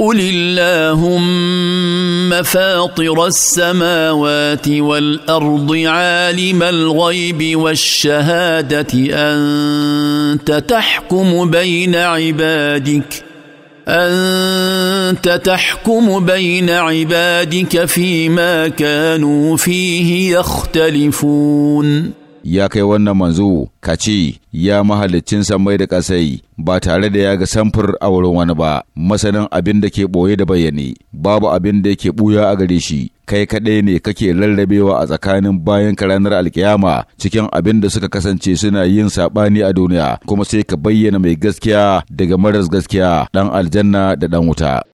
قل اللهم فاطر السماوات والارض عالم الغيب والشهاده انت تحكم بين عبادك انت تحكم بين عبادك فيما كانوا فيه يختلفون ya kai wannan manzo ka ce ya mahalicin mai da ƙasai ba tare da ya ga samfur a wurin wani ba masanin abin da ke ɓoye da bayyane babu abin da yake ɓuya a gare shi kai kaɗai ne kake lallabewa a tsakanin bayan ka ranar alkiyama cikin abin da suka kasance suna yin saɓani a duniya kuma sai ka bayyana mai gaskiya daga maras gaskiya ɗan aljanna da ɗan wuta